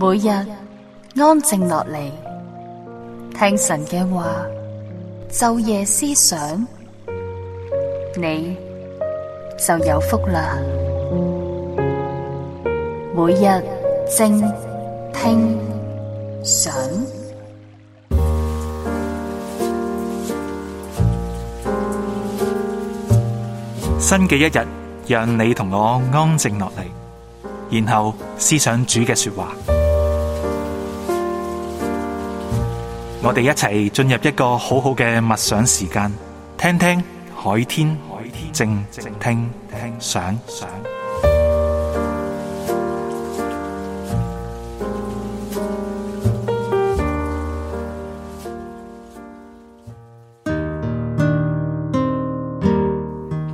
每日安靜落嚟聽神嘅話，晝夜思想，你就有福啦。每日靜聽想，新嘅一日，讓你同我安靜落嚟，然後思想主嘅說話。我哋一齊進入一個好好嘅默想時間，聽聽海天靜靜聽想。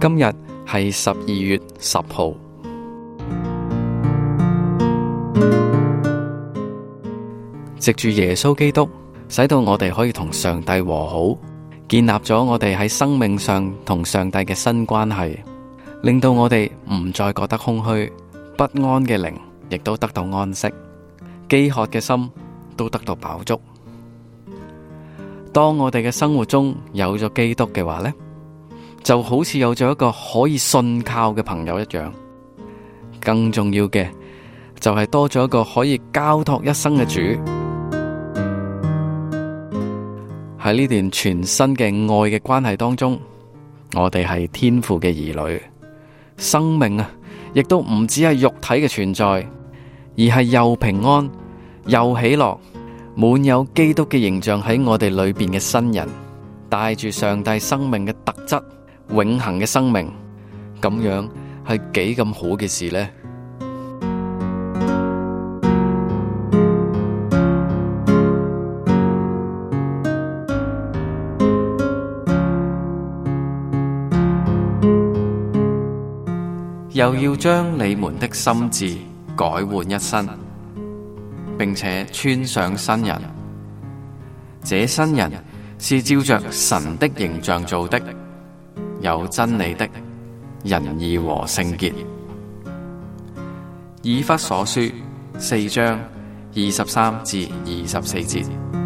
今日係十二月十號，藉住耶穌基督，使到我哋可以同上帝和好，建立咗我哋喺生命上同上帝嘅新關係，令到我哋唔再覺得空虛不安嘅靈，亦都得到安息；飢渴嘅心都得到飽足。當我哋嘅生活中有咗基督嘅話咧，就好似有咗一個可以信靠嘅朋友一樣，更重要嘅就係多咗一個可以交託一生嘅主。喺呢段全新嘅愛嘅關係當中，我哋係天父嘅兒女，生命啊，亦都唔止係肉體嘅存在，而係又平安又喜樂，滿有基督嘅形象喺我哋裏邊嘅新人，帶住上帝生命嘅特質，永恆嘅生命，咁樣係幾咁好嘅事咧！又要將你們的心志改換一身，並且穿上新人。這新人是照着神的形象造的，有真理的仁義和聖潔。以弗所書四章二十三至二十四節。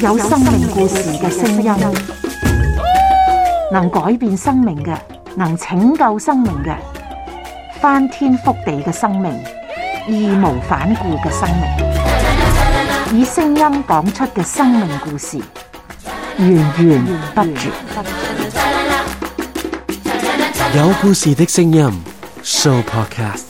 有生命故事嘅聲音，能改變生命嘅，能拯救生命嘅，翻天覆地嘅生命，義無反顧嘅生命，以聲音講出嘅生命故事，源源不絕。有故事嘅聲音，Sooo Podcast。